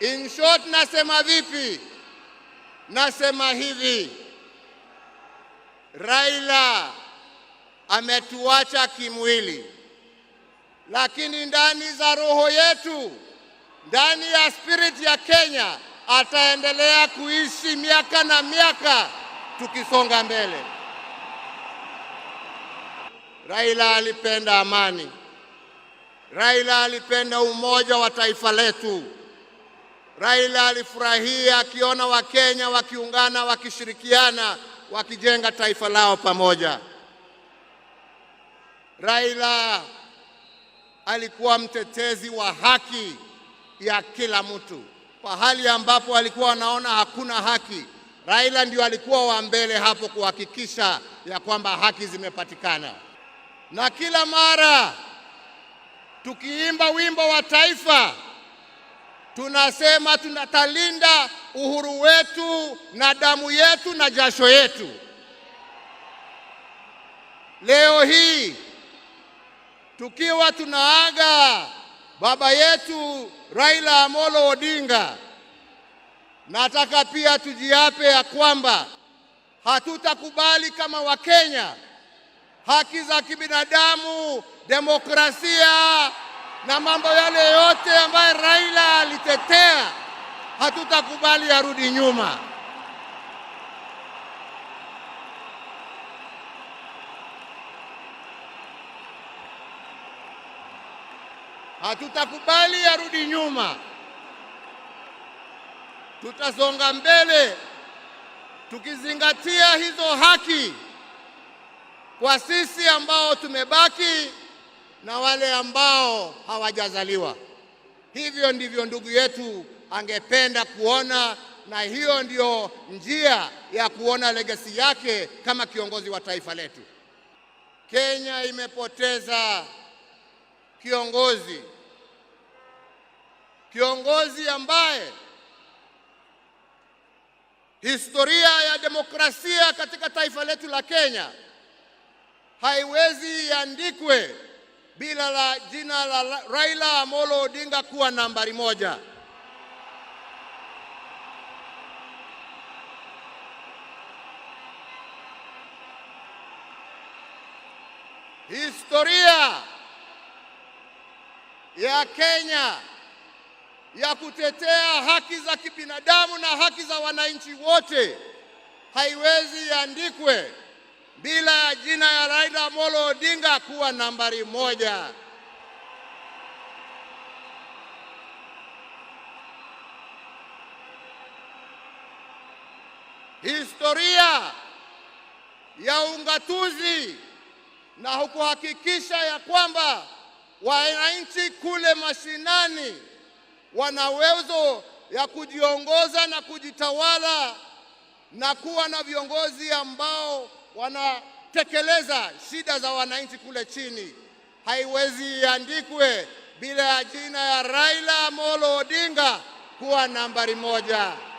In short, nasema vipi? Nasema hivi, Raila ametuacha kimwili, lakini ndani za roho yetu, ndani ya spirit ya Kenya ataendelea kuishi miaka na miaka tukisonga mbele. Raila alipenda amani. Raila alipenda umoja wa taifa letu. Raila alifurahia akiona Wakenya wakiungana, wakishirikiana, wakijenga taifa lao pamoja. Raila alikuwa mtetezi wa haki ya kila mtu. Pahali ambapo alikuwa anaona hakuna haki, Raila ndio alikuwa wa mbele hapo kuhakikisha ya kwamba haki zimepatikana. Na kila mara tukiimba wimbo wa taifa tunasema tunatalinda uhuru wetu na damu yetu na jasho yetu. Leo hii tukiwa tunaaga baba yetu Raila Amolo Odinga, nataka pia tujiape ya kwamba hatutakubali kama Wakenya haki za kibinadamu, demokrasia na mambo yale yote ambayo Raila alitetea hatutakubali yarudi nyuma. Hatutakubali yarudi nyuma. Tutasonga mbele tukizingatia hizo haki kwa sisi ambao tumebaki na wale ambao hawajazaliwa. Hivyo ndivyo ndugu yetu angependa kuona, na hiyo ndiyo njia ya kuona legacy yake kama kiongozi wa taifa letu. Kenya imepoteza kiongozi, kiongozi ambaye historia ya demokrasia katika taifa letu la Kenya haiwezi iandikwe bila la jina la Raila Amolo Odinga kuwa nambari moja. Historia ya Kenya ya kutetea haki za kibinadamu na haki za wananchi wote haiwezi iandikwe bila ya jina ya Raila Amolo Odinga kuwa nambari moja. Historia ya ungatuzi na hukuhakikisha ya kwamba wananchi kule mashinani wana uwezo ya kujiongoza na kujitawala na kuwa na viongozi ambao wanatekeleza shida za wananchi kule chini. Haiwezi iandikwe bila ya jina ya Raila Amolo Odinga kuwa nambari moja.